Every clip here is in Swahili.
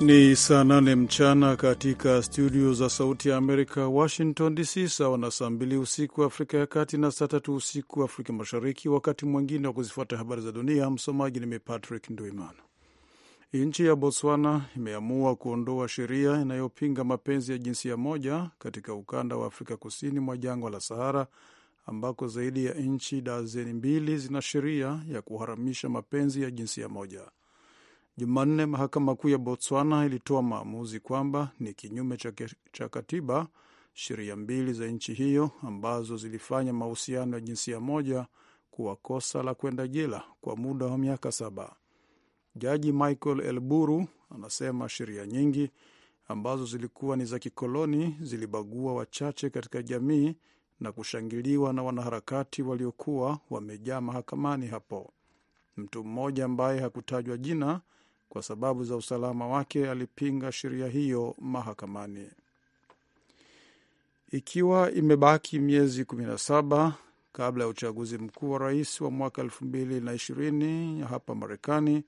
Ni saa nane mchana katika studio za Sauti ya Amerika, Washington DC, sawa na saa mbili usiku Afrika ya Kati na saa tatu usiku Afrika Mashariki. Wakati mwingine wa kuzifuata habari za dunia, msomaji nimi Patrick Nduimana. Nchi ya Botswana imeamua kuondoa sheria inayopinga mapenzi ya jinsia moja katika ukanda wa Afrika kusini mwa jangwa la Sahara, ambako zaidi ya nchi dazeni mbili zina sheria ya kuharamisha mapenzi ya jinsia moja. Jumanne mahakama kuu ya Botswana ilitoa maamuzi kwamba ni kinyume cha katiba sheria mbili za nchi hiyo ambazo zilifanya mahusiano ya jinsia moja kuwa kosa la kwenda jela kwa muda wa miaka saba. Jaji Michael Elburu anasema sheria nyingi ambazo zilikuwa ni za kikoloni zilibagua wachache katika jamii na kushangiliwa na wanaharakati waliokuwa wamejaa mahakamani hapo. Mtu mmoja ambaye hakutajwa jina kwa sababu za usalama wake, alipinga sheria hiyo mahakamani. Ikiwa imebaki miezi 17 kabla ya uchaguzi mkuu wa rais wa mwaka 2020 hapa Marekani,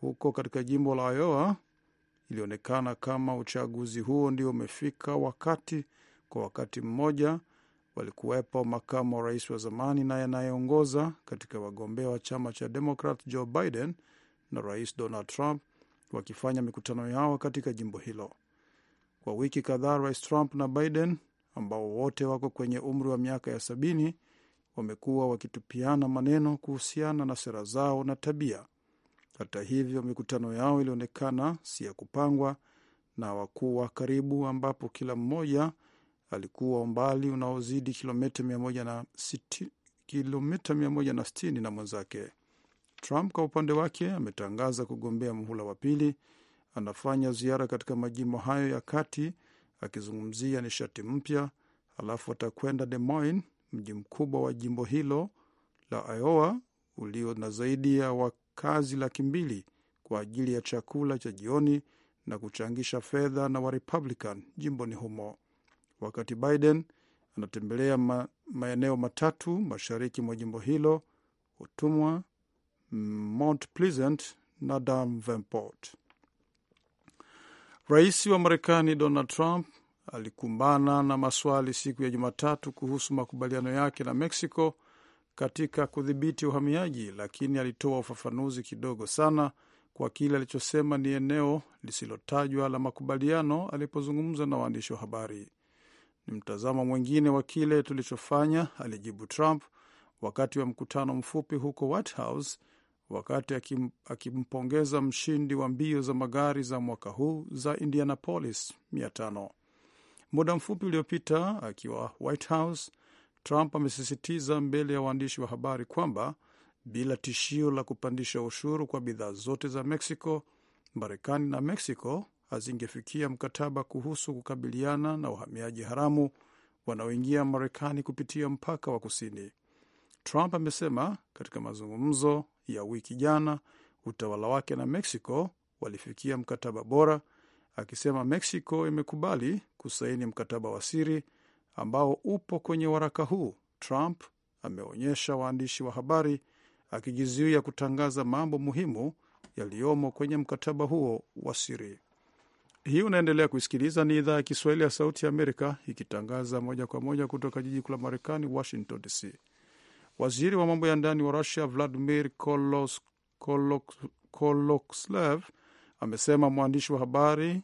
huko katika jimbo la Iowa, ilionekana kama uchaguzi huo ndio umefika wakati. Kwa wakati mmoja walikuwepo makamu wa rais wa zamani naye anayeongoza katika wagombea wa chama cha Demokrat Joe Biden na Rais Donald Trump wakifanya mikutano yao katika jimbo hilo kwa wiki kadhaa. Rais Trump na Biden ambao wote wako kwenye umri wa miaka ya sabini wamekuwa wakitupiana maneno kuhusiana na sera zao na tabia. Hata hivyo, mikutano yao ilionekana si ya kupangwa na wakuwa karibu, ambapo kila mmoja alikuwa umbali unaozidi kilomita mia moja na sitini na mwenzake. Trump kwa upande wake ametangaza kugombea muhula wa pili. Anafanya ziara katika majimbo hayo ya kati akizungumzia nishati mpya, halafu atakwenda Des Moines, mji mkubwa wa jimbo hilo la Iowa ulio na zaidi ya wakazi laki mbili kwa ajili ya chakula cha jioni na kuchangisha fedha na Warepublican jimboni humo. Wakati Biden anatembelea ma, maeneo matatu mashariki mwa jimbo hilo, utumwa, Mount Pleasant na Davenport. Rais wa Marekani Donald Trump alikumbana na maswali siku ya Jumatatu kuhusu makubaliano yake na Mexico katika kudhibiti uhamiaji, lakini alitoa ufafanuzi kidogo sana kwa kile alichosema ni eneo lisilotajwa la makubaliano alipozungumza na waandishi wa habari. Ni mtazamo mwingine wa kile tulichofanya, alijibu Trump wakati wa mkutano mfupi huko White House wakati akimpongeza mshindi wa mbio za magari za mwaka huu za Indianapolis 500. Muda mfupi uliopita akiwa White House, Trump amesisitiza mbele ya waandishi wa habari kwamba bila tishio la kupandisha ushuru kwa bidhaa zote za Mexico, Marekani na Mexico hazingefikia mkataba kuhusu kukabiliana na uhamiaji haramu wanaoingia Marekani kupitia mpaka wa kusini. Trump amesema katika mazungumzo ya wiki jana utawala wake na Mexico walifikia mkataba bora, akisema Mexico imekubali kusaini mkataba wa siri ambao upo kwenye waraka huu. Trump ameonyesha waandishi wa habari akijizuia kutangaza mambo muhimu yaliyomo kwenye mkataba huo wa siri. Hii unaendelea kuisikiliza, ni idhaa ya Kiswahili ya Sauti ya Amerika ikitangaza moja kwa moja kutoka jiji kuu la Marekani, Washington DC. Waziri wa mambo ya ndani wa Rusia Vladimir Kolos, Kolos, Kolokslev amesema mwandishi wa habari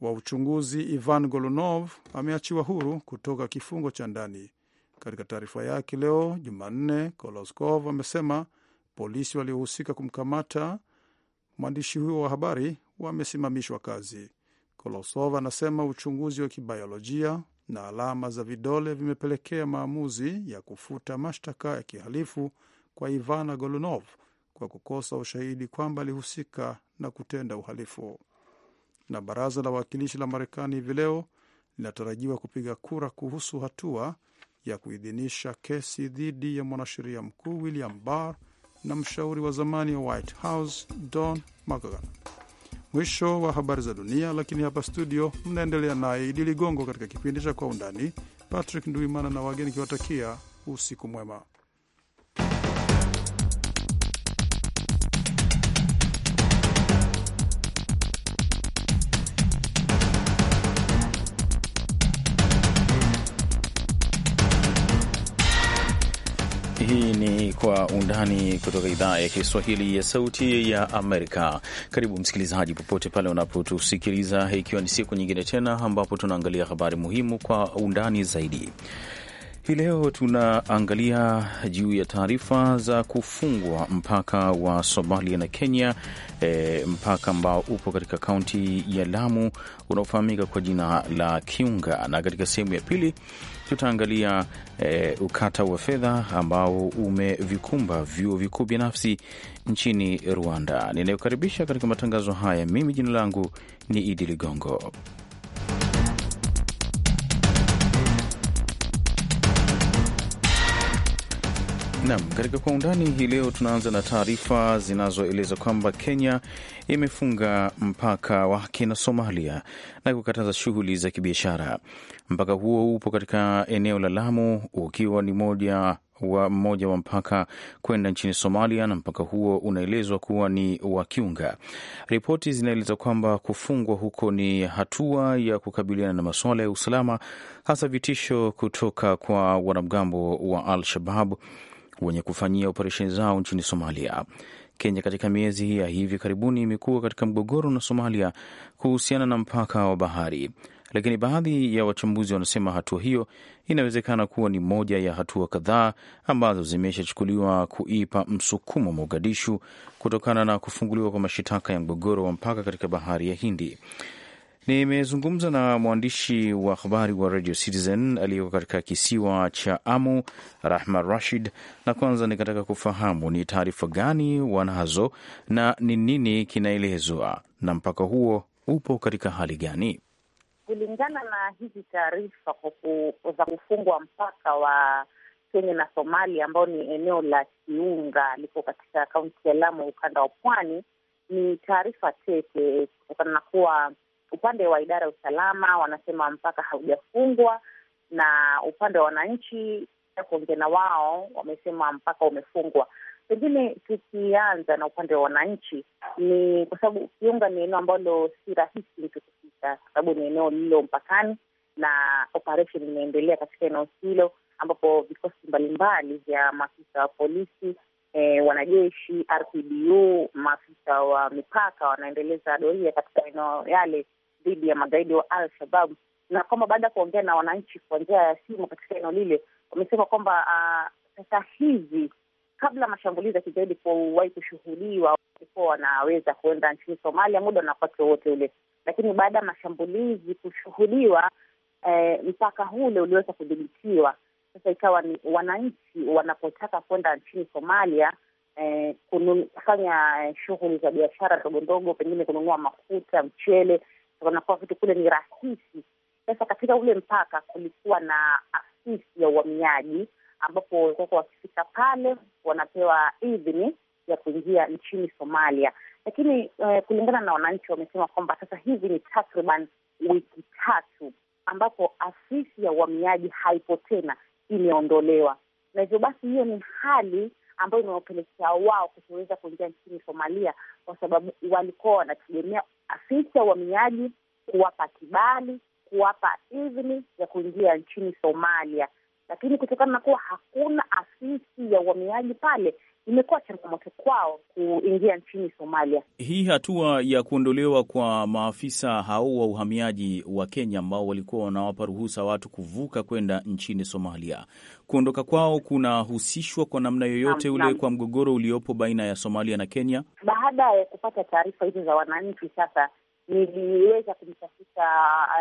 wa uchunguzi Ivan Golunov ameachiwa huru kutoka kifungo cha ndani. Katika taarifa yake leo Jumanne, Koloskov amesema polisi waliohusika kumkamata mwandishi huyo wa habari wamesimamishwa kazi. Kolosov anasema uchunguzi wa kibiolojia na alama za vidole vimepelekea maamuzi ya kufuta mashtaka ya kihalifu kwa Ivana Golunov kwa kukosa ushahidi kwamba alihusika na kutenda uhalifu. Na baraza la wawakilishi la Marekani hivi leo linatarajiwa kupiga kura kuhusu hatua ya kuidhinisha kesi dhidi ya mwanasheria mkuu William Barr na mshauri wa zamani wa White House Don McGahn. Mwisho wa habari za dunia, lakini hapa studio mnaendelea naye Idi Ligongo katika kipindi cha Kwa Undani. Patrick Nduimana na wageni kiwatakia usiku mwema. undani kutoka idhaa ya Kiswahili ya Sauti ya Amerika. Karibu msikilizaji, popote pale unapotusikiliza, ikiwa ni siku nyingine tena ambapo tunaangalia habari muhimu kwa undani zaidi. Hii leo tunaangalia juu ya taarifa za kufungwa mpaka wa Somalia na Kenya, e, mpaka ambao upo katika kaunti ya Lamu unaofahamika kwa jina la Kiunga, na katika sehemu ya pili tutaangalia e, ukata wa fedha ambao umevikumba vyuo vikuu binafsi nchini Rwanda. Ninayokaribisha katika matangazo haya, mimi jina langu ni Idi Ligongo. Nam katika kwa undani hii leo, tunaanza na taarifa zinazoeleza kwamba Kenya imefunga mpaka wake na Somalia na kukataza shughuli za kibiashara. Mpaka huo upo katika eneo la Lamu ukiwa ni moja wa mmoja wa mpaka kwenda nchini Somalia, na mpaka huo unaelezwa kuwa ni wa Kiunga. Ripoti zinaeleza kwamba kufungwa huko ni hatua ya kukabiliana na masuala ya usalama, hasa vitisho kutoka kwa wanamgambo wa Al Shabab wenye kufanyia operesheni zao nchini Somalia. Kenya katika miezi ya hivi karibuni imekuwa katika mgogoro na Somalia kuhusiana na mpaka wa bahari, lakini baadhi ya wachambuzi wanasema hatua hiyo inawezekana kuwa ni moja ya hatua kadhaa ambazo zimeshachukuliwa kuipa msukumo Mogadishu kutokana na kufunguliwa kwa mashitaka ya mgogoro wa mpaka katika bahari ya Hindi. Nimezungumza na mwandishi wa habari wa Radio Citizen aliyeko katika kisiwa cha Amu, Rahma Rashid, na kwanza nikataka kufahamu ni taarifa gani wanazo na ni nini kinaelezwa na mpaka huo upo katika hali gani? Kulingana na hizi taarifa za kufungwa mpaka wa Kenya na Somalia ambao ni eneo la Kiunga liko katika kaunti ya Lamu, ukanda wa pwani, ni taarifa tete kutokana na kuwa upande wa idara ya usalama wanasema mpaka haujafungwa, na upande wa wananchi kuongea na wao wamesema mpaka umefungwa. Pengine tukianza na upande wa wananchi, ni kwa sababu Kiunga ni eneo ambalo si rahisi mtu kupita, kwa sababu ni eneo lililo mpakani na operesheni inaendelea katika eneo hilo, ambapo vikosi mbalimbali vya maafisa wa polisi eh, wanajeshi, RPBU, maafisa wa mipaka wanaendeleza doria katika eneo yale dhidi ya magaidi wa Al Shabab, na kwamba baada ya kuongea na wananchi kwa njia ya simu katika eneo lile, wamesema kwamba ah, sasa uh, hivi kabla mashambulizi ya kigaidi kuwahi kushuhudiwa walikuwa wanaweza kuenda nchini Somalia muda na wakati wowote ule, lakini baada ya mashambulizi kushuhudiwa eh, mpaka ule uliweza kudhibitiwa. Sasa ikawa ni wananchi wanapotaka kwenda nchini Somalia eh, kufanya eh, shughuli za biashara ndogo ndogo, pengine kununua mafuta, mchele wanakuwa vitu kule ni rahisi. Sasa katika ule mpaka kulikuwa na afisi ya uhamiaji, ambapo walikuwa wakifika pale wanapewa idhini ya kuingia nchini Somalia, lakini eh, kulingana na wananchi wamesema kwamba sasa hivi ni takriban wiki tatu ambapo afisi ya uhamiaji haipo tena, imeondolewa, na hivyo basi hiyo ni hali ambayo imewapelekea wao kutoweza kuingia nchini Somalia, kwa sababu walikuwa wanategemea afisi ya uhamiaji kuwapa kibali, kuwapa idhini ya kuingia nchini Somalia, lakini kutokana na kuwa hakuna afisi ya uhamiaji pale imekuwa changamoto kwao kuingia nchini Somalia. Hii hatua ya kuondolewa kwa maafisa hao wa uhamiaji wa Kenya ambao walikuwa wanawapa ruhusa watu kuvuka kwenda nchini Somalia, kuondoka kwao kunahusishwa kwa namna yoyote nam, ule nam, kwa mgogoro uliopo baina ya Somalia na Kenya. Baada ya kupata taarifa hizo za wananchi, sasa niliweza kumtafuta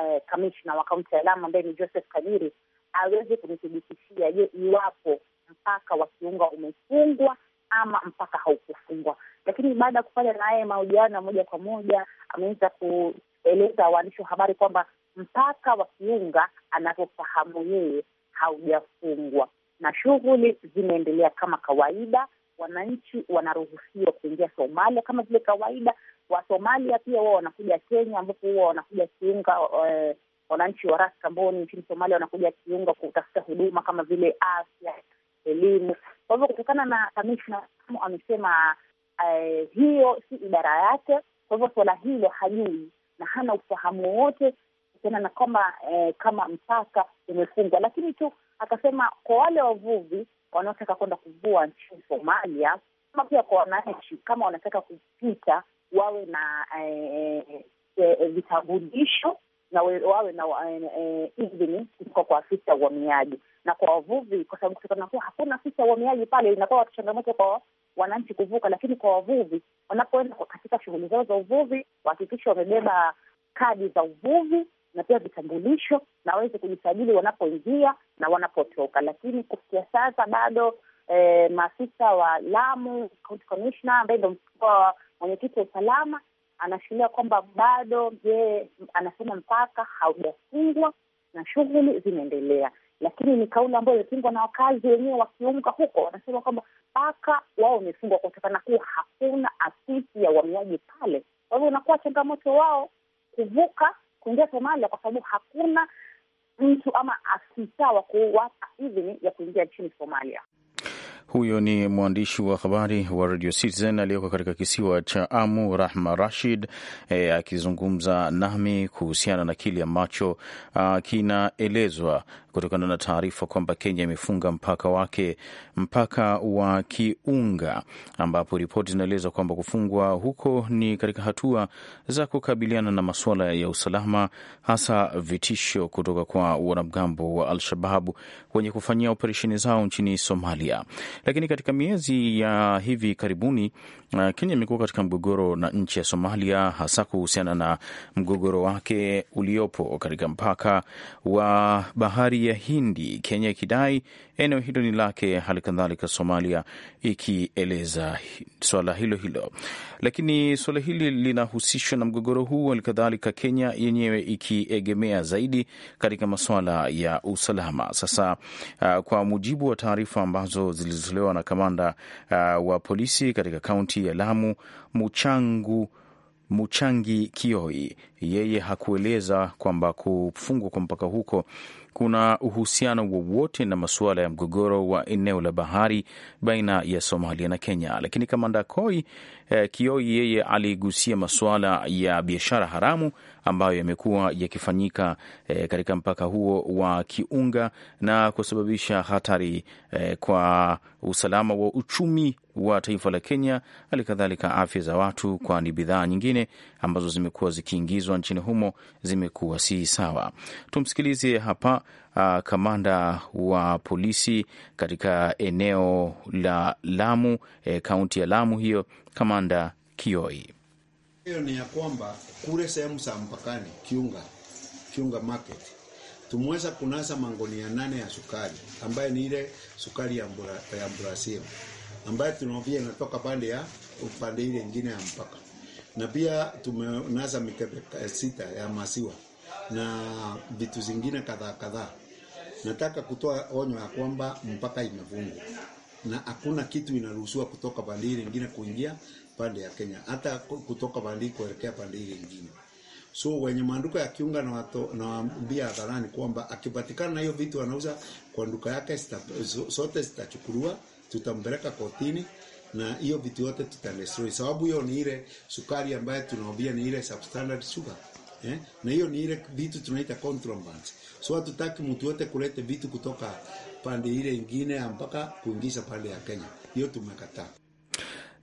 uh, kamishna wa kaunti ya Lamu ambaye ni Joseph Kadiri aweze kunithibitishia, je, iwapo mpaka wa Kiunga umefungwa ama mpaka haukufungwa. Lakini baada ya kufanya naye mahojiano moja kwa moja, ameweza kueleza waandishi wa habari kwamba mpaka wa Kiunga anavyofahamu yeye haujafungwa na shughuli zimeendelea kama kawaida. Wananchi wanaruhusiwa kuingia Somalia kama vile kawaida, Wasomalia pia wao wanakuja Kenya, ambapo huwa wanakuja kiunga eh, wananchi wa rasi Kamboni nchini Somalia wanakuja kiunga kutafuta huduma kama vile afya, elimu. Kwa hivyo kutokana na kamishna amesema eh, hiyo si idara yake, kwa hivyo suala hilo hajui na hana ufahamu wowote kuhusiana na kwamba eh, kama mpaka umefungwa, lakini tu akasema kwa wale wavuvi wanaotaka kwenda kuvua nchini Somalia, kama pia kwa wananchi kama wanataka kupita wawe na eh, eh, vitambulisho na wawe na eh, eh kutoka kwa afisa ya uhamiaji na kwa wavuvi, kwa sababu kutokana kuwa hakuna afisa ya uhamiaji pale, inakuwa changamoto kwa wananchi kuvuka. Lakini kwa wavuvi, wanapoenda katika shughuli zao za uvuvi, wahakikisha wamebeba kadi za uvuvi na pia vitambulisho na waweze kujisajili wanapoingia na wanapotoka. Lakini kufikia sasa bado eh, maafisa wa Lamu County Commissioner ambaye ndo mkubwa mwenyekiti wa usalama anashikilia kwamba bado, yeye anasema mpaka haujafungwa na shughuli zinaendelea, lakini ni kauli ambayo imepingwa na wakazi wenyewe wakiunga huko, wanasema kwamba mpaka wao wamefungwa kutokana kuwa hakuna afisi ya uhamiaji pale. Kwa hivyo unakuwa changamoto wao kuvuka kuingia Somalia kwa sababu hakuna mtu ama afisa wa kuwapa idhini ya kuingia nchini Somalia. Huyo ni mwandishi wa habari wa Radio Citizen aliyoko katika kisiwa cha Amu, Rahma Rashid e, akizungumza nami kuhusiana na kile ambacho kinaelezwa kutokana na taarifa kwamba Kenya imefunga mpaka wake, mpaka wa Kiunga, ambapo ripoti zinaeleza kwamba kufungwa huko ni katika hatua za kukabiliana na masuala ya usalama, hasa vitisho kutoka kwa wanamgambo wa Al-Shababu wenye kufanyia operesheni zao nchini Somalia. Lakini katika miezi ya hivi karibuni, uh, Kenya imekuwa katika mgogoro na nchi ya Somalia, hasa kuhusiana na mgogoro wake uliopo katika mpaka wa bahari ya Hindi, Kenya ikidai eneo hilo ni lake, hali kadhalika Somalia ikieleza swala hilo hilo, lakini swala hili linahusishwa na mgogoro huu, hali kadhalika Kenya yenyewe ikiegemea zaidi katika maswala ya usalama. Sasa uh, kwa mujibu wa taarifa ambazo zilizotolewa na kamanda uh, wa polisi katika kaunti ya Lamu Muchangu Muchangi Kioi, yeye hakueleza kwamba kufungwa kwa mpaka huko kuna uhusiano wowote na masuala ya mgogoro wa eneo la bahari baina ya Somalia na Kenya. Lakini kamanda Koi eh, Kioi yeye aligusia masuala ya biashara haramu ambayo yamekuwa yakifanyika eh, katika mpaka huo wa Kiunga na kusababisha hatari eh, kwa usalama wa uchumi wa taifa la Kenya, hali kadhalika afya za watu, kwani bidhaa nyingine ambazo zimekuwa zikiingizwa nchini humo zimekuwa si sawa. Tumsikilize hapa uh, kamanda wa polisi katika eneo la Lamu, eh, kaunti ya Lamu hiyo, kamanda Kioi. Hiyo ni ya kwamba kule sehemu za mpakani Kiunga, Kiunga market tumeweza kunasa mangonia nane ya sukari ambaye ni ile sukari ya mbura, ya Brazil ambayo tunaovia inatoka pande ya upande ile ingine ya mpaka, na pia tumenasa mikebe eh, sita ya maziwa na vitu zingine kadhaa kadhaa. Nataka kutoa onyo ya kwamba mpaka imefungwa na hakuna kitu inaruhusiwa kutoka pande ile nyingine kuingia pande ya Kenya, hata kutoka pande hii kuelekea pande ile nyingine. So wenye maduka ya kiunga na watu na waambia hadharani kwamba akipatikana hiyo vitu anauza kwa duka yake sita, sote zitachukuliwa, tutampeleka kotini na hiyo vitu yote tutadestroy, sababu hiyo ni ile sukari ambayo tunaambia ni ile substandard sugar eh? na hiyo ni ile vitu tunaita contraband. So hatutaki mtu yote kulete vitu kutoka pande ile ingine mpaka kuingiza pande ya Kenya, hiyo tumekataa.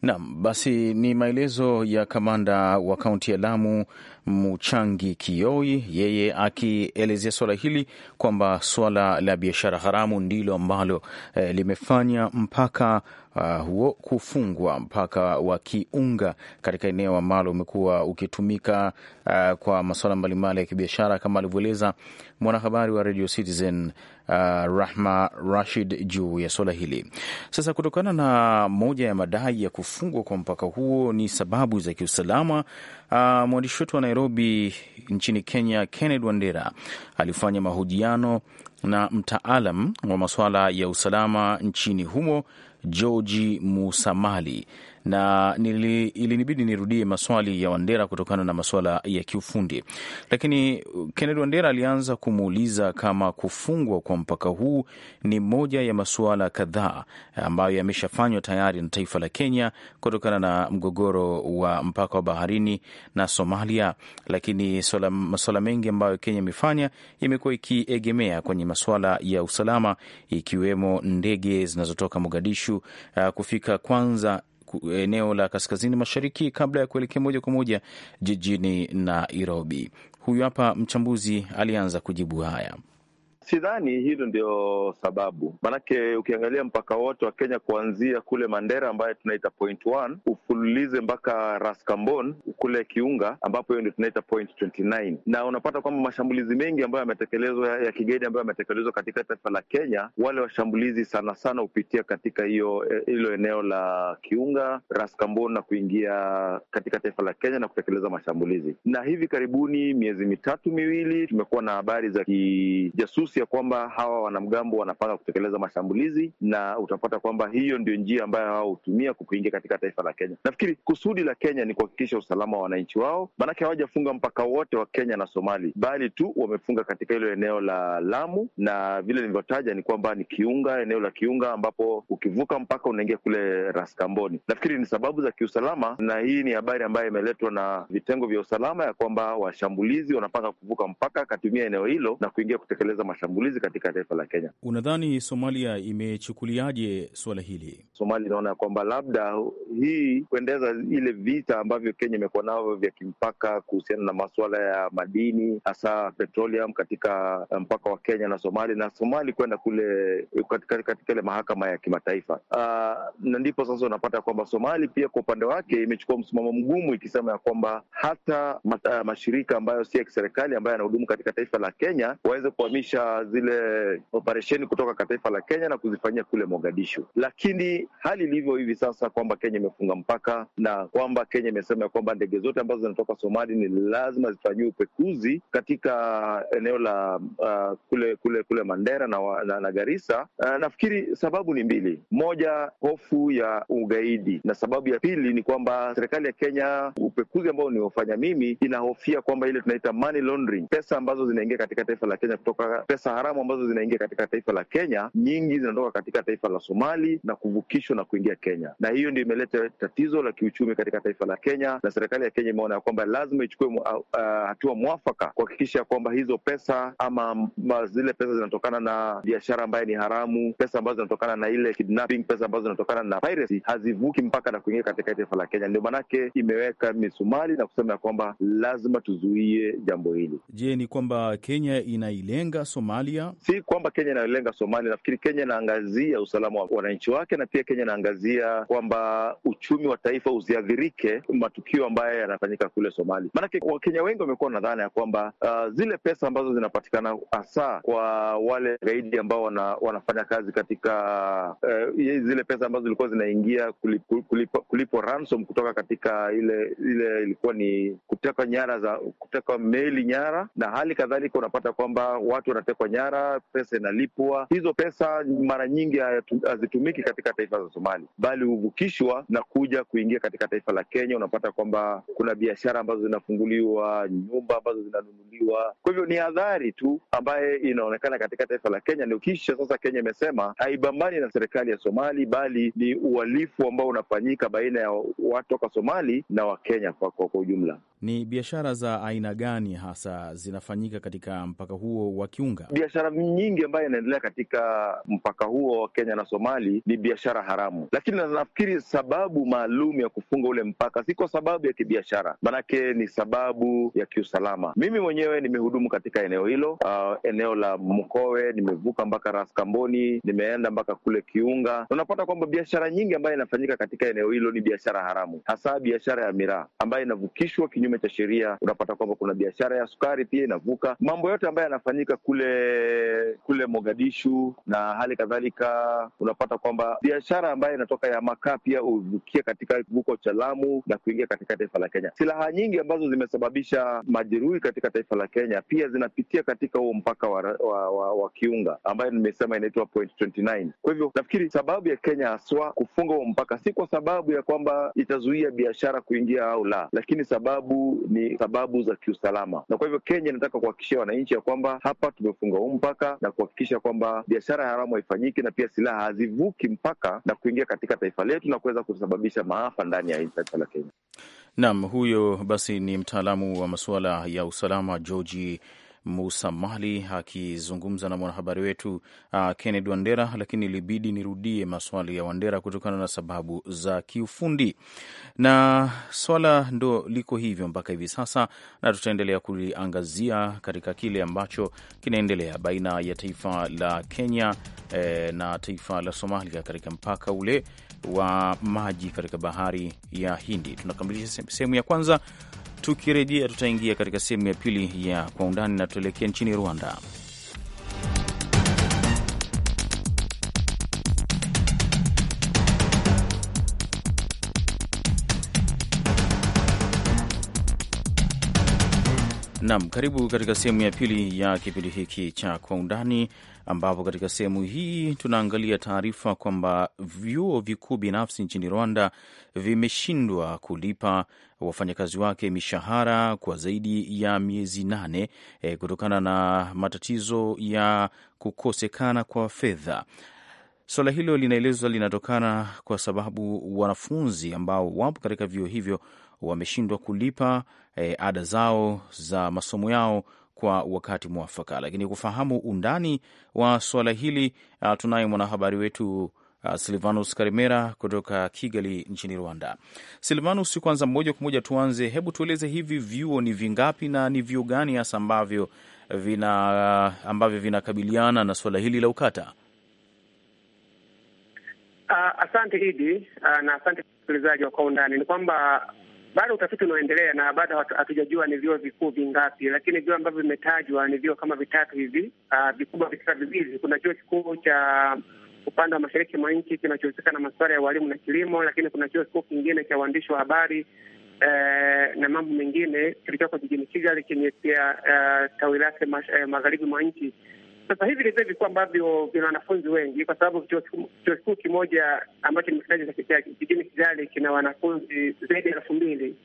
Naam, basi ni maelezo ya kamanda wa kaunti ya Lamu Muchangi Kioi, yeye akielezea swala hili kwamba swala la biashara haramu ndilo ambalo eh, limefanya mpaka Uh, huo kufungwa mpaka wa Kiunga katika eneo ambalo umekuwa ukitumika uh, kwa masuala mbalimbali ya kibiashara kama alivyoeleza mwanahabari wa Radio Citizen uh, Rahma Rashid juu ya swala hili. Sasa kutokana na moja ya madai ya kufungwa kwa mpaka huo ni sababu za kiusalama, uh, mwandishi wetu wa Nairobi nchini Kenya Kenneth Wandera alifanya mahojiano na mtaalam wa masuala ya usalama nchini humo George Musamali na nili, ilinibidi nirudie maswali ya Wandera kutokana na maswala ya kiufundi, lakini Kennedy Wandera alianza kumuuliza kama kufungwa kwa mpaka huu ni moja ya masuala kadhaa ambayo yameshafanywa tayari na taifa la Kenya kutokana na mgogoro wa mpaka wa baharini na Somalia, lakini masuala mengi ambayo Kenya imefanya imekuwa ikiegemea kwenye masuala ya usalama, ikiwemo ndege zinazotoka Mogadishu uh, kufika kwanza eneo la kaskazini mashariki kabla ya kuelekea moja kwa moja jijini Nairobi. Huyu hapa mchambuzi alianza kujibu haya. Sidhani hilo ndio sababu, maanake ukiangalia mpaka wote wa Kenya kuanzia kule Mandera ambayo tunaita point one ufululize mpaka Raskambon kule Kiunga ambapo hiyo ndio tunaita point 29, na unapata kwamba mashambulizi mengi ambayo yametekelezwa ya kigaidi ambayo yametekelezwa katika taifa la Kenya, wale washambulizi sana sana hupitia katika hiyo e, hilo eneo la Kiunga, Raskambon na kuingia katika taifa la Kenya na kutekeleza mashambulizi. Na hivi karibuni miezi mitatu miwili tumekuwa na habari za kijasusi kuhakikisha kwamba hawa wanamgambo wanapanga kutekeleza mashambulizi, na utapata kwamba hiyo ndio njia ambayo hawa hutumia kuingia katika taifa la Kenya. Nafikiri kusudi la Kenya ni kuhakikisha usalama wa wananchi wao, maanake hawajafunga mpaka wote wa Kenya na Somali, bali tu wamefunga katika hilo eneo la Lamu, na vile nilivyotaja ni kwamba ni Kiunga, eneo la Kiunga ambapo ukivuka mpaka unaingia kule Raskamboni. Nafikiri ni sababu za kiusalama, na hii ni habari ambayo imeletwa na vitengo vya usalama ya kwamba washambulizi wanapanga kuvuka mpaka akatumia eneo hilo na kuingia kutekeleza mashambulizi mashambulizi katika taifa la Kenya. Unadhani Somalia imechukuliaje suala hili? Somalia inaona ya kwamba labda hii kuendeza ile vita ambavyo Kenya imekuwa navyo vya kimpaka kuhusiana na masuala ya madini hasa petroleum katika eh, mpaka wa Kenya na Somali na Somali kwenda kule eh, katika, katika ile mahakama ya kimataifa uh, na ndipo sasa unapata kwamba Somali pia kwa upande wake imechukua msimamo mgumu ikisema ya kwamba hata mata, eh, mashirika ambayo si ya kiserikali ambayo yanahudumu katika taifa la Kenya waweze kuhamisha zile operesheni kutoka kwa taifa la Kenya na kuzifanyia kule Mogadishu, lakini hali ilivyo hivi sasa kwamba Kenya imefunga mpaka na kwamba Kenya imesema ya kwamba ndege zote ambazo zinatoka Somali ni lazima zifanyiwe upekuzi katika eneo la uh, kule kule kule Mandera na, na, na Garissa. Uh, nafikiri sababu ni mbili, moja hofu ya ugaidi na sababu ya pili ni kwamba serikali ya Kenya, upekuzi ambao niofanya mimi, inahofia kwamba ile tunaita money laundering, pesa ambazo zinaingia katika taifa la Kenya kutoka pesa pesa haramu ambazo zinaingia katika taifa la Kenya, nyingi zinatoka katika taifa la Somali na kuvukishwa na kuingia Kenya, na hiyo ndio imeleta tatizo la kiuchumi katika taifa la Kenya, na serikali ya Kenya imeona ya kwamba lazima ichukue hatua uh, hatua mwafaka kuhakikisha kwamba hizo pesa ama zile pesa zinatokana na biashara ambayo ni haramu, pesa ambazo zinatokana na ile kidnapping, pesa ambazo zinatokana na piracy hazivuki mpaka na kuingia katika taifa la Kenya. Ndio maanake imeweka misumari na kusema ya kwamba lazima tuzuie jambo hili. Je, ni kwamba Kenya inailenga Somalia Somalia? Si kwamba Kenya inalenga Somalia, nafikiri Kenya inaangazia usalama wa wananchi wake, na pia Kenya inaangazia kwamba uchumi wa taifa usiadhirike matukio ambayo yanafanyika kule Somalia. Maanake Wakenya wengi wamekuwa na dhana ya kwamba uh, zile pesa ambazo zinapatikana hasa kwa wale gaidi ambao wana, wanafanya kazi katika uh, zile pesa ambazo zilikuwa zinaingia kulipo, kulipo ransom kutoka katika ile ile ilikuwa ni kuteka nyara za kuteka meli nyara, na hali kadhalika unapata kwamba watu wanateka zinatekwa nyara, pesa inalipwa. Hizo pesa mara nyingi hazitumiki katika taifa za Somali, bali huvukishwa na kuja kuingia katika taifa la Kenya. Unapata kwamba kuna biashara ambazo zinafunguliwa, nyumba ambazo zinanunuliwa. Kwa hivyo ni hadhari tu ambaye inaonekana katika taifa la Kenya, ni kisha sasa Kenya imesema haibambani na serikali ya Somali, bali ni uhalifu ambao unafanyika baina ya watu toka Somali na Wakenya kwa, kwa, kwa ujumla. Ni biashara za aina gani hasa zinafanyika katika mpaka huo wa Kiunga? Biashara nyingi ambayo inaendelea katika mpaka huo wa Kenya na Somali ni biashara haramu, lakini nafikiri sababu maalum ya kufunga ule mpaka si kwa sababu ya kibiashara, maanake ni sababu ya kiusalama. Mimi mwenyewe nimehudumu katika eneo hilo, uh, eneo la Mkowe, nimevuka mpaka Ras Kamboni, nimeenda mpaka kule Kiunga. Unapata kwamba biashara nyingi ambayo inafanyika katika eneo hilo ni biashara haramu, hasa biashara ya miraa ambayo inavukishwa kinyume cha sheria. Unapata kwamba kuna biashara ya sukari pia inavuka, mambo yote ambayo yanafanyika kule kule Mogadishu na hali kadhalika, unapata kwamba biashara ambayo inatoka ya makaa pia huvukia katika kivuko cha Lamu na kuingia katika taifa la Kenya. Silaha nyingi ambazo zimesababisha majeruhi katika taifa la Kenya pia zinapitia katika huo mpaka wa, wa, wa, wa Kiunga ambayo nimesema inaitwa point 29. Kwa hivyo nafikiri sababu ya Kenya haswa kufunga huo mpaka si kwa sababu ya kwamba itazuia biashara kuingia au la, lakini sababu sababu ni sababu za kiusalama, na kwa hivyo Kenya inataka kuhakikishia wananchi ya kwamba hapa tumefunga huu mpaka na kuhakikisha kwamba biashara ya haramu haifanyiki na pia silaha hazivuki mpaka na kuingia katika taifa letu na kuweza kusababisha maafa ndani ya taifa la Kenya. Naam, huyo basi ni mtaalamu wa masuala ya usalama Georgi Musa Mali akizungumza na mwanahabari wetu uh, Kennedy Wandera, lakini ilibidi nirudie maswali ya Wandera kutokana na sababu za kiufundi, na swala ndo liko hivyo mpaka hivi sasa, na tutaendelea kuliangazia katika kile ambacho kinaendelea baina ya taifa la Kenya eh, na taifa la Somalia katika mpaka ule wa maji katika bahari ya Hindi. Tunakamilisha sehemu ya kwanza Tukirejea tutaingia katika sehemu ya pili ya Kwa Undani na tuelekea nchini Rwanda. Naam, karibu katika sehemu ya pili ya kipindi hiki cha Kwa Undani, ambapo katika sehemu hii tunaangalia taarifa kwamba vyuo vikuu binafsi nchini Rwanda vimeshindwa kulipa wafanyakazi wake mishahara kwa zaidi ya miezi nane e, kutokana na matatizo ya kukosekana kwa fedha. Suala hilo linaelezwa linatokana kwa sababu wanafunzi ambao wapo katika vyuo hivyo wameshindwa kulipa e, ada zao za masomo yao kwa wakati mwafaka. Lakini kufahamu undani wa suala hili tunaye mwanahabari wetu Uh, Silvanus Karimera kutoka Kigali nchini Rwanda. Silvanus, kwanza moja kwa moja tuanze, hebu tueleze hivi vyuo ni vingapi na ni vyuo gani hasa ambavyo vina ambavyo vinakabiliana na suala hili la ukata? Uh, asante Idi, uh, na asante msikilizaji wa Kwa Undani. Ni kwamba bado utafiti unaendelea na bado hatujajua ni vyuo vikuu vingapi, lakini vyuo ambavyo vimetajwa ni vyuo kama vitatu hivi ah, vikubwa, vikiwa viwili. Kuna chuo kikuu cha upande wa mashariki mwa nchi kinachohusika na masuala ya walimu na kilimo, lakini kuna chuo kikuu kingine cha uandishi wa habari eh, na mambo mengine kilichoko jijini Kigali chenye pia eh, tawi lake eh, magharibi mwa nchi sasa hivi ni vyuo vikuu ambavyo vina wanafunzi wengi, kwa sababu chuo kikuu kimoja ambacho nimekitaja jijini Kigali kina wanafunzi zaidi ya elfu mbili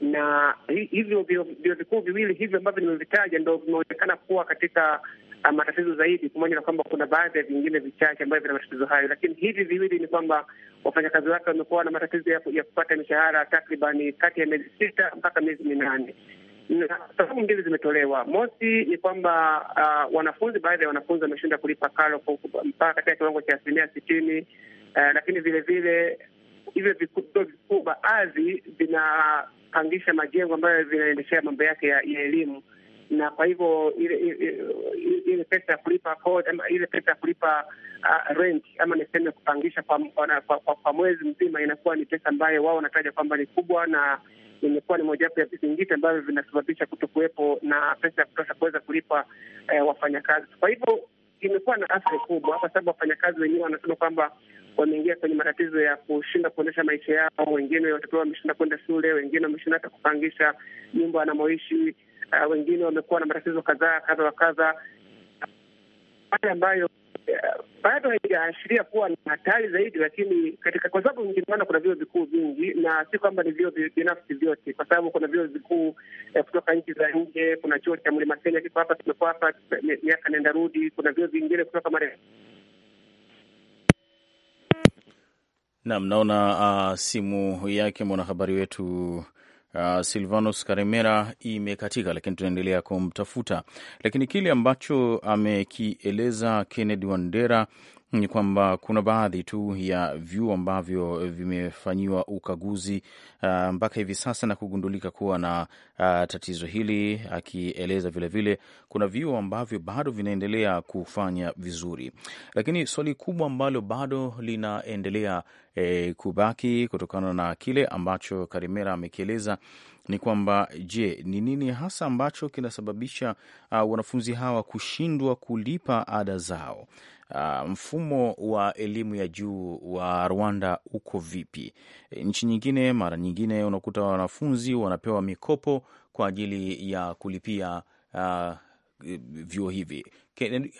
na hivyo vyuo vikuu viwili hivyo ambavyo nimevitaja ndo vimeonekana kuwa katika ah, matatizo zaidi, pamoja na kwamba kuna baadhi ya vingine vichache ambavyo vina matatizo hayo, lakini hivi viwili ni kwamba wafanyakazi wake wamekuwa na matatizo ya, ya kupata mishahara takriban kati ya miezi sita mpaka miezi minane na sababu mbili zimetolewa. Mosi ni kwamba uh, wanafunzi baadhi ya wanafunzi wameshinda kulipa karo mpaka katika kiwango cha asilimia sitini, uh, lakini vilevile hivyo vituo vikuu baadhi vinapangisha majengo ambayo vinaendeshea mambo yake ya elimu, na kwa hivyo ile ile pesa ya kulipa kodi ama ile pesa ya kulipa uh, rent ama niseme kupangisha kwa, kwa, kwa, kwa, kwa mwezi mzima inakuwa ni pesa ambayo wao wanataja kwamba ni kubwa na imekuwa ni mojawapo ya vizingiti ambavyo vinasababisha kuto kuwepo na pesa ya kutosha kuweza kulipa eh, wafanyakazi. Kwa hivyo imekuwa na athari kubwa, kwa sababu wafanyakazi wenyewe wanasema kwamba wameingia kwenye matatizo ya kushinda kuendesha maisha yao. Wengine watoto wameshinda kwenda shule, wengine wameshinda hata kupangisha nyumba wanamoishi. Uh, wengine wamekuwa na matatizo kadhaa kadha wa kadha hali ambayo eh, bado haijaashiria kuwa na hatari zaidi, lakini katika kwa sababu nchini kuna vyuo vikuu vingi, na si kwamba ni vyuo binafsi vyote, kwa sababu kuna vyuo vikuu eh, kutoka nchi za nje. Kuna chuo cha Mlima Kenya kiko hapa, kimekuwa hapa miaka nenda rudi. Kuna vyuo vingine kutoka Marekani. Naam, naona uh, simu yake mwanahabari wetu uh, Silvanus Karemera imekatika, lakini tunaendelea kumtafuta. Lakini kile ambacho amekieleza Kennedy Wandera ni kwamba kuna baadhi tu ya vyuo ambavyo vimefanyiwa ukaguzi uh, mpaka hivi sasa na kugundulika kuwa na uh, tatizo hili, akieleza vilevile kuna vyuo ambavyo bado vinaendelea kufanya vizuri, lakini swali kubwa ambalo bado linaendelea eh, kubaki kutokana na kile ambacho Karimera amekieleza ni kwamba je, ni nini hasa ambacho kinasababisha uh, wanafunzi hawa kushindwa kulipa ada zao? Uh, mfumo wa elimu ya juu wa Rwanda uko vipi? Nchi nyingine mara nyingine unakuta wanafunzi wanapewa mikopo kwa ajili ya kulipia uh, vyuo hivi.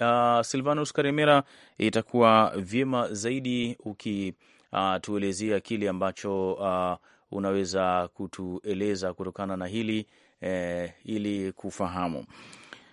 Uh, Silvanus Karemera, itakuwa vyema zaidi ukituelezea uh, kile ambacho uh, unaweza kutueleza kutokana na hili eh, ili kufahamu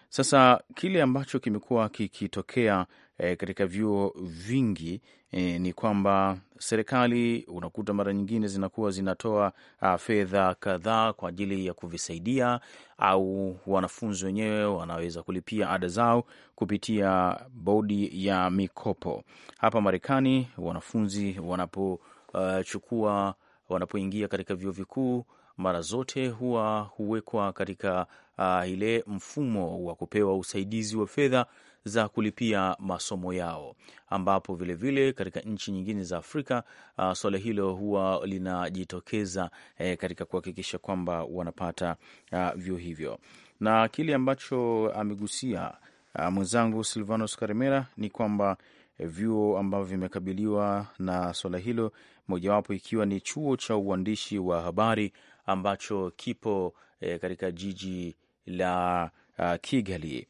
sasa kile ambacho kimekuwa kikitokea eh, katika vyuo vingi eh, ni kwamba serikali unakuta mara nyingine zinakuwa zinatoa ah, fedha kadhaa kwa ajili ya kuvisaidia au wanafunzi wenyewe wanaweza kulipia ada zao kupitia bodi ya mikopo. Hapa Marekani wanafunzi wanapochukua uh, wanapoingia katika vyuo vikuu mara zote huwa huwekwa katika uh, ile mfumo wa kupewa usaidizi wa fedha za kulipia masomo yao, ambapo vilevile vile katika nchi nyingine za Afrika uh, ah, suala hilo huwa linajitokeza eh, katika kuhakikisha kwamba wanapata uh, vyuo hivyo, na kile ambacho amegusia uh, mwenzangu Silvanos Karemera ni kwamba eh, vyuo ambavyo vimekabiliwa na suala hilo mojawapo ikiwa ni chuo cha uandishi wa habari ambacho kipo e, katika jiji la a, ah, Kigali.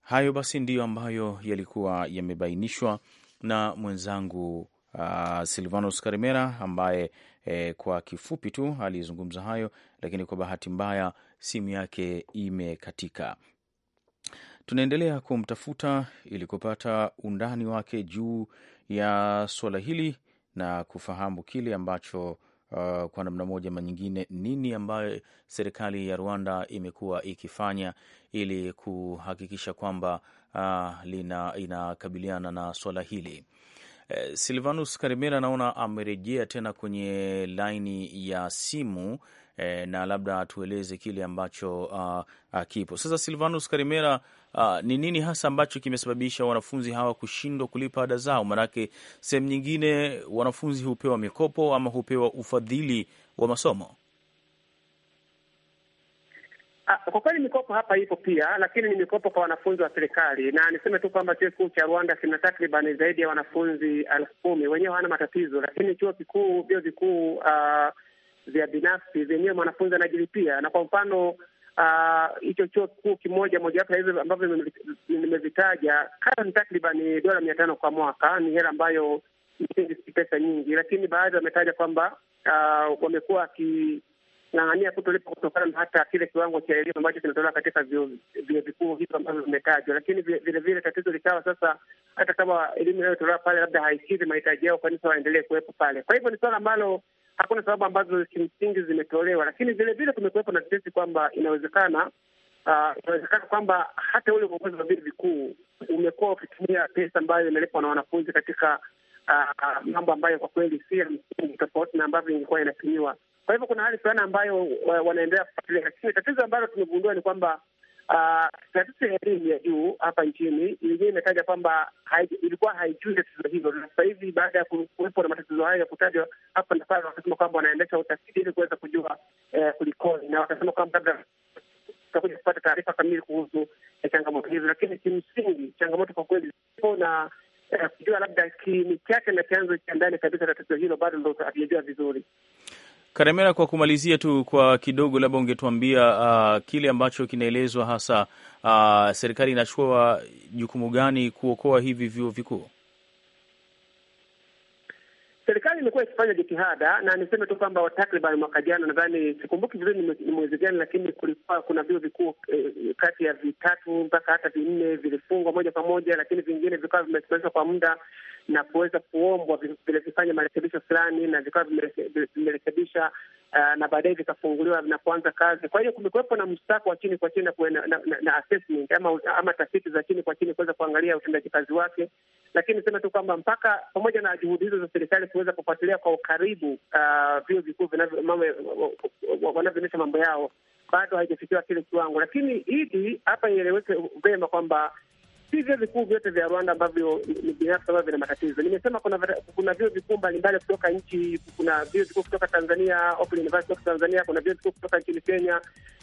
Hayo basi ndiyo ambayo yalikuwa yamebainishwa na mwenzangu Uh, Silvanus Karimera ambaye eh, kwa kifupi tu alizungumza hayo, lakini kwa bahati mbaya simu yake imekatika. Tunaendelea kumtafuta ili kupata undani wake juu ya suala hili na kufahamu kile ambacho Uh, kwa namna moja ama nyingine, nini ambayo serikali ya Rwanda imekuwa ikifanya ili kuhakikisha kwamba uh, lina, inakabiliana na swala hili. Eh, Silvanus Karimera naona amerejea tena kwenye laini ya simu eh, na labda atueleze kile ambacho uh, kipo sasa. Silvanus Karimera Ah, ni nini hasa ambacho kimesababisha wanafunzi hawa kushindwa kulipa ada zao? Maanake sehemu nyingine wanafunzi hupewa mikopo ama hupewa ufadhili wa masomo. Ah, kwa kweli mikopo hapa ipo pia, lakini ni mikopo kwa wanafunzi wa serikali, na niseme tu kwamba chuo kikuu cha Rwanda kina takriban zaidi ya wanafunzi elfu kumi wenyewe hawana matatizo, lakini chuo kikuu, vyuo vikuu uh, vya binafsi vyenyewe mwanafunzi anajilipia, na kwa mfano Ah, hicho uh, chuo kikuu kimoja mojawapo ya hivyo ambavyo nimevitaja, karo ni takriban dola mia tano kwa mwaka. Ni hela ambayo si pesa nyingi, lakini baadhi wametaja kwamba uh, wamekuwa waking'ang'ania kutolipa kutokana na hata kile kiwango cha elimu ambacho kinatolewa katika vyuo vikuu hivyo ambavyo vimetajwa. Lakini vilevile tatizo likawa sasa, hata kama elimu inayotolewa pale labda haikidhi mahitaji yao, kwanisa waendelee kuwepo pale. Kwa hivyo ni suala ambalo hakuna sababu ambazo kimsingi zimetolewa, lakini vilevile kumekuwepo na tetesi kwamba inawezekana Uh, inawezekana kwamba hata ule uongozi wa vyuo vikuu umekuwa ukitumia pesa ambayo inalipwa na wanafunzi katika uh, uh, mambo ambayo kwa kweli si ya msingi, tofauti na ambavyo ingekuwa inatumiwa. Kwa hivyo kuna hali fulani ambayo uh, wanaendelea kufuatilia, lakini tatizo ambalo tumegundua ni kwamba taasisi ya elimu ya juu hapa nchini yenyewe imetaja kwamba ilikuwa haijui tatizo hilo, na sasa hivi baada ya kuwepo na matatizo hayo ya kutajwa hapa na pale, wakasema kwamba wanaendesha utafiti ili kuweza kujua eh, kulikoni, na wakasema kwamba labda tutakuja kupata taarifa kamili kuhusu eh, changamoto hizo, lakini kimsingi changamoto kwa kweli zipo na eh, kujua labda kiini chake na chanzo cha ndani kabisa tatizo hilo bado ndo hatujajua vizuri. Karemera, kwa kumalizia tu kwa kidogo, labda ungetuambia uh, kile ambacho kinaelezwa hasa, uh, serikali inachukua jukumu gani kuokoa hivi vyuo vikuu? Serikali imekuwa ikifanya jitihada na niseme tu kwamba takriban mwaka jana, nadhani sikumbuki vizuri ni mwezi gani, lakini kulikuwa kuna vyuo vikuu eh, kati ya vitatu mpaka hata vinne vilifungwa moja kwa moja, lakini vingine vikawa vimesimamishwa kwa muda na kuweza kuombwa vilifanya marekebisho fulani na vikawa vimerekebisha uh, na baadaye vikafunguliwa na kuanza kazi. Kwa hiyo kumekuwepo na mstako wa chini kwa chini na, na, na assessment ama, ama tafiti za chini kwa chini kuweza kuangalia utendaji kazi wake, lakini niseme tu kwamba mpaka pamoja na juhudi hizo za serikali kuweza kufuatilia kwa ukaribu uh, vyuo vikuu wanavyoonyesha mambo yao bado haijafikiwa kile kiwango, lakini hili hapa ieleweke vema kwamba sivyo vikuu vyote vya Rwanda ambavyo ni binafsi ambavyo vina matatizo. Nimesema kuna kuna vyuo vikuu mbalimbali kutoka nchi, kuna vyuo vikuu kutoka Tanzania, Open University of Tanzania, kuna vyuo vikuu kutoka nchini Kenya,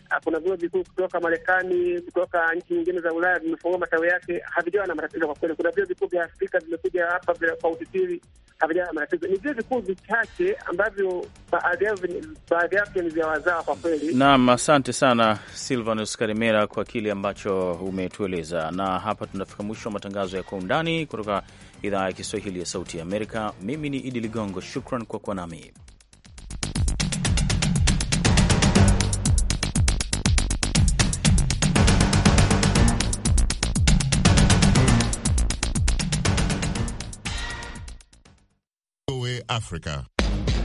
ah, kuna vyuo vikuu kutoka Marekani, kutoka nchi nyingine za Ulaya vimefungua matawi yake, havijawa na matatizo kwa kweli. Kuna vyuo vikuu vya Afrika vimekuja hapa kwa utitiri, havijawa na matatizo. Ni vyuo vikuu vichache ambavyo baadhi yake ni vya wazawa kwa kweli. Naam, asante sana Silvanus Karimera kwa kile ambacho umetueleza na hapa tuna tunafika mwisho wa matangazo ya Kwa Undani kutoka idhaa ya Kiswahili ya Sauti ya Amerika. Mimi ni Idi Ligongo, shukran kwa kuwa nami. Africa.